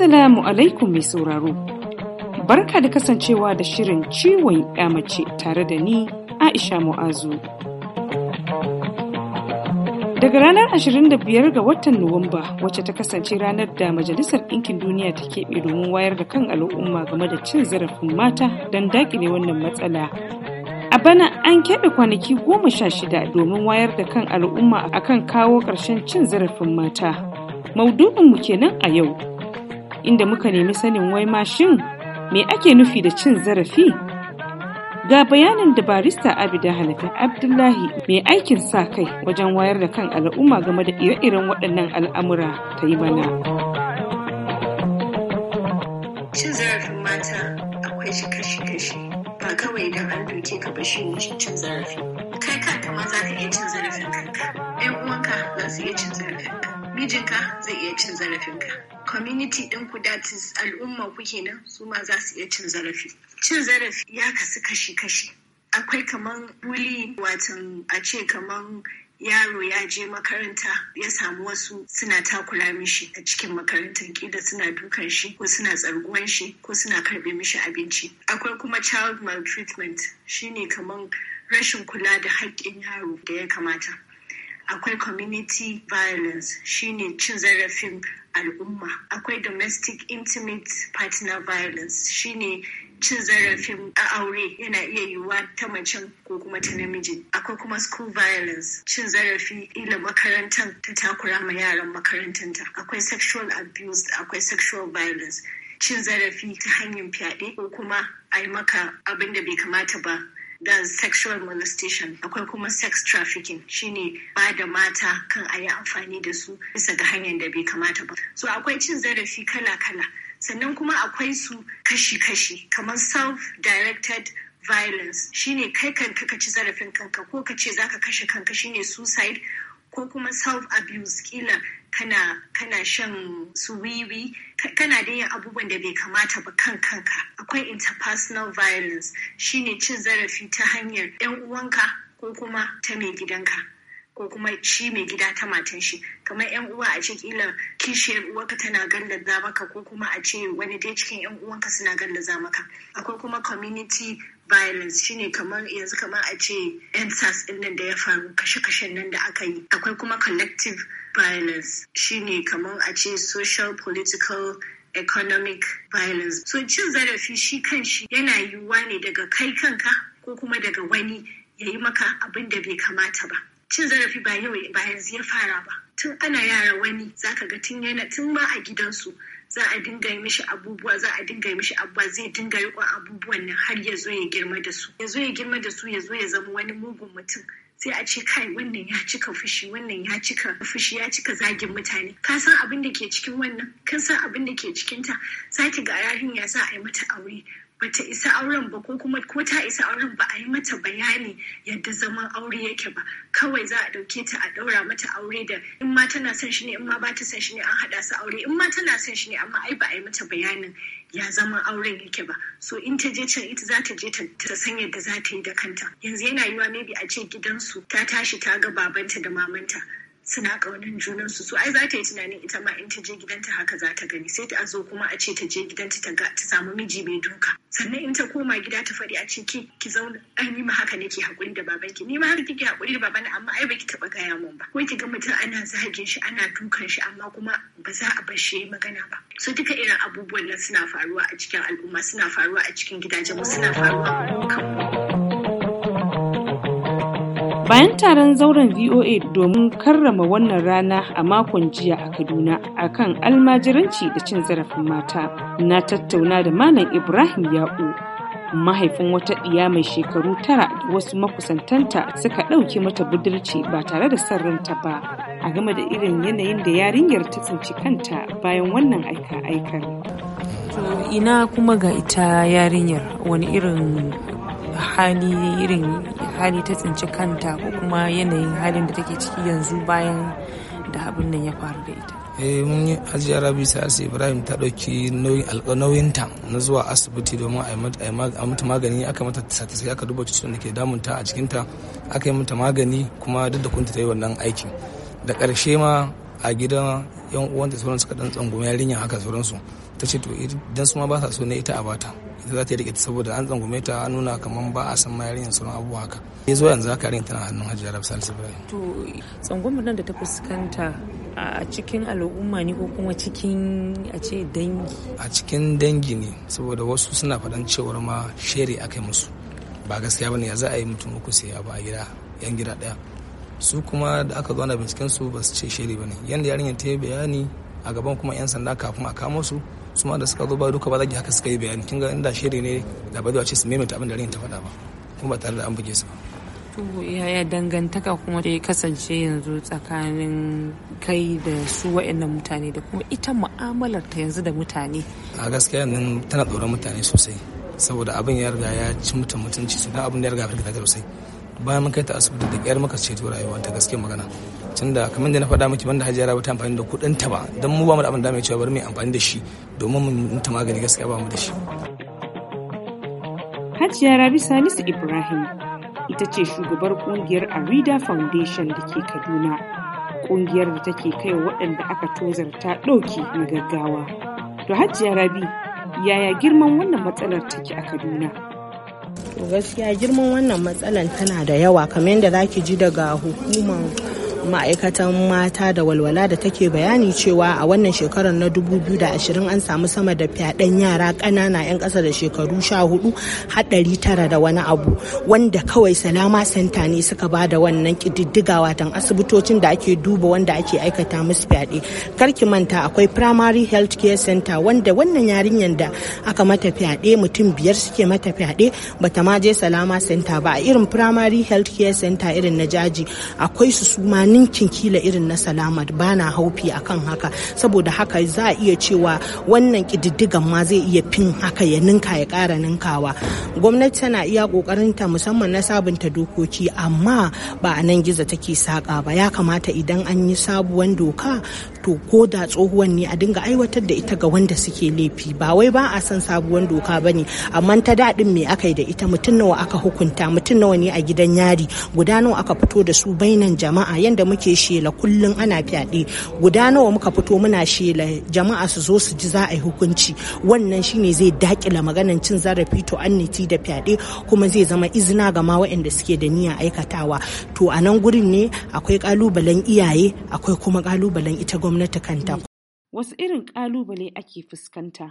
Assalamu alaikum mai sauraro. Barka da kasancewa da shirin ciwon mace tare da ni Aisha Mu'azu. Daga ranar 25 ga watan Nuwamba wacce ta kasance ranar da Majalisar Ɗinkin Duniya ta keɓe domin wayar da kan al'umma game da cin zarafin mata don daƙile wannan matsala. A bana an keɓe kwanaki goma sha shida domin wayar da kan al'umma akan kawo ƙarshen cin zarafin mata. Maudu'inmu kenan a yau. inda muka nemi sanin wai mashin me ake nufi da cin zarafi ga bayanin da barista abida halitta abdullahi mai aikin sa kai wajen wayar da kan al'umma game da ire-iren waɗannan al'amura ta yi mana cin zarafin mata akwai shi kashi-kashi ba kawai idan an doke ka ba shi cin zarafi kai kanka ma za ka iya cin zarafin kanka ɗan uwanka za su iya cin zarafin mijinka zai iya cin zarafinka community ɗin ku datis al'umma ku kenan su ma za su iya cin zarafi cin zarafi ya kasu kashi-kashi akwai kaman wuli watan a ce kaman yaro ya je makaranta ya samu wasu suna takula mishi a cikin makarantar kila suna dukan shi ko suna tsarguwan shi ko suna karbe mishi abinci akwai kuma child maltreatment shine kaman rashin kula da haƙƙin yaro da ya kamata akwai community violence shine cin zarafin al'umma akwai domestic intimate partner violence shine cin zarafin a aure yana iya yiwuwa ta macen ko kuma ta namiji akwai kuma school violence cin zarafi ila makarantar ta takura ma yaran makarantanta akwai sexual abuse akwai sexual violence cin zarafi ta hanyar fyaɗe ko kuma a yi maka abin da bai kamata ba da sexual molestation akwai kuma sex trafficking shine ba da mata kan a yi amfani da su bisa ga hanyar da bai kamata ba so akwai cin zarafi kala-kala sannan kuma akwai su kashi-kashi kamar self-directed violence shine kai kanka ka ci zarafin kanka ko ka ce zaka kashe kanka shine suicide ko kuma self abuse kila kana kana shan su wiwi kana da yin abubuwan da bai kamata ba kan kanka akwai interpersonal violence shine cin zarafi ta hanyar yan uwanka ko kuma ta mai gidanka ko kuma shi mai gida ta matan shi kamar yan uwa a ce kila kishiyar uwarka tana gallaza maka ko kuma a ce wani dai cikin yan uwanka suna gallaza maka akwai kuma community violence shine kamar yanzu kamar a ce ensas nan da ya faru kashe-kashen nan da aka yi akwai kuma collective violence shine kamar a ce social political economic violence so cin zarafi shi kan shi yana yiwuwa ne daga kai kanka ko kuma daga wani ya yi maka abin da bai kamata ba cin zarafi ba yau ba yanzu ya fara ba tun ana yara wani zaka ga tun yana tun ma a gidansu za a dinga yi mishi abubuwa za a dinga mishi abubuwa zai dinga riƙon abubuwan nan har ya zo ya girma da su ya zo ya girma da su ya zo ya zama wani mugun mutum sai a ce kai wannan ya cika fushi wannan ya cika fushi ya cika zagin mutane ka san abin da ke cikin wannan kan san abin da ke cikinta za ki ga yarinya za a yi mata aure bata isa auren ba ko kuma ko ta isa auren ba a yi mata bayani yadda zaman aure yake ba kawai za a ɗauke ta a ɗaura mata aure da in ma tana son shi ne in ma ba ta son shi ne an haɗa su aure in ma tana son shi ne amma ai ba a yi mata bayanin ya zaman auren yake ba so in ta je can ita za ta je ta san yadda za ta yi da kanta yanzu yana yiwa maybe a ce gidansu ta tashi ta ga babanta da mamanta suna ƙaunin junansu su ai za ta yi tunanin ita ma in ta je gidanta haka za ta gani sai ta zo kuma a ce ta je gidanta ta ga, ta samu miji mai duka sannan in ta koma gida ta faɗi a ce ki zauna ai ni ma haka nake haƙuri da babanki ni ma har kike haƙuri da babana amma ai baki taɓa gaya min ba ko ki ga mutum ana zagin shi ana dukan shi amma kuma ba za a bar shi magana ba so duka irin abubuwan nan suna faruwa a cikin al'umma suna faruwa a cikin gidajen mu suna faruwa a kan bayan taron zauren voa domin karrama wannan rana a makon jiya a kaduna a kan almajiranci da cin zarafin mata na tattauna da malam ibrahim ya'u mahaifin wata ɗiya mai shekaru tara da wasu makusantanta suka ɗauke mata budurci ba tare da son ranta ba a game da irin yanayin da yarinyar ta tsinci kanta bayan wannan aika-aikar. ina kuma ga ita yarinyar wani irin hali irin hali ta tsinci kanta ko kuma yanayin halin da take ciki yanzu bayan da abin nan ya faru da ita eh mun yi hajiya rabi sa'asi ibrahim ta ɗauki nauyinta na zuwa asibiti domin a mata magani aka mata sai aka duba cutar da ke damunta a cikinta aka yi mata magani kuma duk da kunta ta yi wannan aikin da ƙarshe ma a gidan yan uwanta sauran suka dan tsango yarinya haka sauransu ta ce to idan su ma ba sa so ne ita a bata za ta rike saboda an zangume ta an nuna kamar ba a san yin sauran abubuwa haka ni zo yanzu haka rin tana hannun hajji arab salisu to nan da ta fuskanta a cikin al'umma ne ko kuma cikin a ce dangi a cikin dangi ne saboda wasu suna faɗan cewar ma shere aka musu ba gaskiya bane ya za a yi mutum uku sai abu a gida yan gida ɗaya su kuma da aka zauna binciken su ba su ce shere bane yanda yarinyar ta yi bayani a gaban kuma yan sanda kafin a kamo su su ma da suka zo ba duka ba zagi haka suka yi bayani kin ga inda shiri ne da ba zuwa ce su maimaita abin da rin ta faɗa ba kuma ba tare da an buge su ba yaya dangantaka kuma da ya kasance yanzu tsakanin kai da su waɗannan mutane da kuma ita mu'amalar ta yanzu da mutane a gaskiya nan tana tsoron mutane sosai saboda abin ya riga ya ci mutum mutunci su abin da ya riga firgita sosai bayan mun kai ta asibiti da ƙyar muka ceto rayuwa ta gaske magana tunda kamar da na faɗa miki banda hajjara ba ta amfani da kuɗin ta ba don mu ba mu da abin da mai cewa bari mai amfani da shi domin mu ta magani gaskiya ba mu da shi Hajiya Rabi Salisu Ibrahim ita ce shugabar kungiyar Arida Foundation da ke Kaduna kungiyar da take kai waɗanda aka tozarta ɗauki na gaggawa to Hajiya Rabi yaya girman wannan matsalar take a Kaduna gaskiya girman wannan matsalar tana da yawa kamar yadda za ki ji daga hukumar ma'aikatan mata da walwala da take bayani cewa a wannan shekarar na 2020 an samu sama da fyaɗen yara ƙanana 'yan ƙasa da shekaru 14 haɗari tara da wani abu wanda kawai salama santa ne suka ba da wannan ƙididdiga watan asibitocin da ake duba wanda ake aikata musu fyaɗe karki manta akwai primary health care center wanda wannan yarinyar da aka mata fyaɗe mutum biyar suke mata fyaɗe bata ma je salama center ba a irin primary health care center irin na jaji akwai su suma ninkin kila irin na salama ba na haufi a kan haka saboda haka za a iya cewa wannan ƙididdigan ma zai iya fin haka ya ninka ya ƙara ninkawa gwamnati tana iya ƙoƙarinta musamman na sabunta dokoki amma ba a nan gizo take saƙa ba ya kamata idan an yi sabuwan doka to ko da tsohuwan ne a dinga aiwatar da ita ga wanda suke laifi ba wai ba a son sabuwan doka ba ne amma ta daɗin me aka yi da ita mutum nawa aka hukunta mutum nawa ne a gidan yari guda nawa aka fito da su bainan jama'a yanda da muke shela kullum ana fyaɗe guda nawa muka fito muna shela jama'a su zo su ji za a yi hukunci wannan shine zai dakila maganan cin zarafi to anniti da fyaɗe kuma zai zama izina ga ma waɗanda suke da niyyar aikatawa to a nan gurin ne akwai ƙalubalen iyaye akwai kuma ƙalubalen ita gwamnati kanta wasu irin ƙalubale ake fuskanta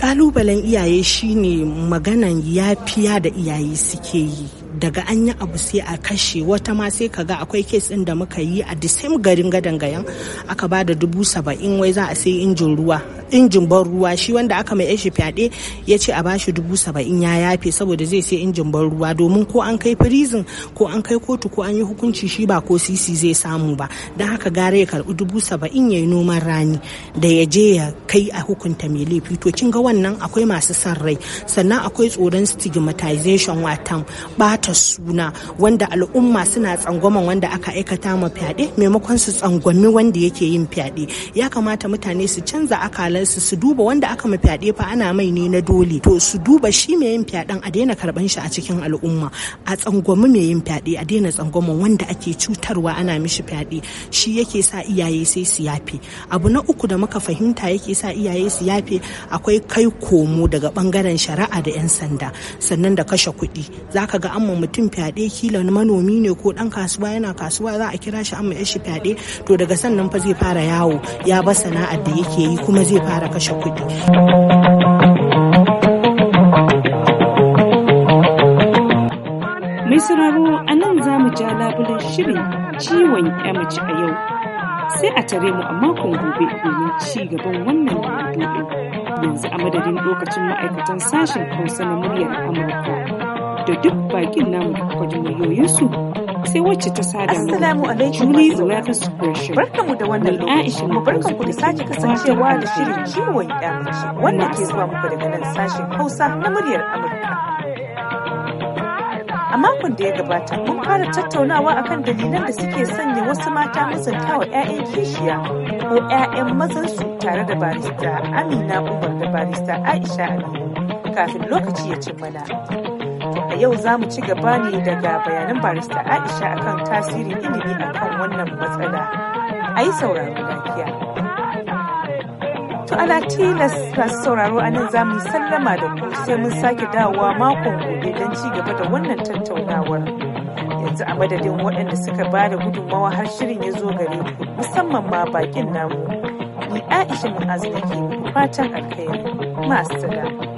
ƙalubalen iyaye shine maganan yafiya da iyaye suke yi daga an yi abu sai a kashe wata ma sai ka ga akwai kes ɗin da muka yi a the same garin gadan gayan aka ba da dubu saba'in wai za a sai injin ruwa injin ban ruwa shi wanda aka mai yashi fyaɗe ya ce a bashi dubu saba'in ya yafe saboda zai sai injin ban ruwa domin ko an kai firizin ko an kai kotu ko an yi hukunci shi ba ko sisi zai samu ba don haka gara ya karɓi dubu saba'in ya yi noman rani da ya je ya kai a hukunta mai laifi to kin ga wannan akwai masu san rai sannan akwai tsoron stigmatization watan bata suna wanda al'umma suna tsangwaman wanda aka aikata ma fyaɗe maimakon su tsangwami wanda yake yin fyaɗe ya kamata mutane su canza akala iyalansu su duba wanda aka ma fyaɗe fa ana mai ne na dole to su duba shi mai yin fyaɗen a daina karɓan shi a cikin al'umma a tsangwami mai yin fyaɗe a daina tsangwamin wanda ake cutarwa ana mishi fyaɗe shi yake sa iyaye sai su yafe abu na uku da muka fahimta yake sa iyaye su yafe akwai kai komo daga bangaren shari'a da 'yan sanda sannan da kashe kuɗi ka ga amma mutum fyaɗe kila manomi ne ko ɗan kasuwa yana kasuwa za a kira shi amma ya shi fyaɗe to daga sannan fa zai fara yawo ya ba sana'ar da yake yi kuma zai fara kashe kuɗi. Mai sauraro a nan za mu ja labulen shirin ciwon mace a yau. Sai a tare mu a makon gobe domin ci gaban wannan maudu'in. Yanzu a madadin lokacin ma'aikatan sashen Hausa na muryar Amurka da duk bakin namu da kwajin sai wacce ta sada mu. Assalamu alaikum. Julie Zulatus da wannan lokaci. mu barkanku da sake kasancewa da shirin ciwon ya mace wanda ke zuwa muku daga nan sashen Hausa na muryar Amurka. A makon da ya gabata mun fara tattaunawa akan dalilan da suke sanya wasu mata musanta wa 'ya'yan kishiya ko 'ya'yan mazansu tare da barista Amina Umar da barista Aisha Aminu kafin lokaci ya ci mana. A yau za mu ci gaba ne daga bayanan barista Aisha akan tasirin ilimi akan wannan matsala. A yi sauraro lafiya. To ana tilas masu sauraro a nan za mu sallama da ku sai mun sake dawowa makon gobe don ci gaba da wannan tattaunawar. yanzu a madadin waɗanda suka ba da gudunmawa har shirin ya zo gare ku musamman ma bakin namu ni aisha mu'azu ke fatan alkhairi masu salama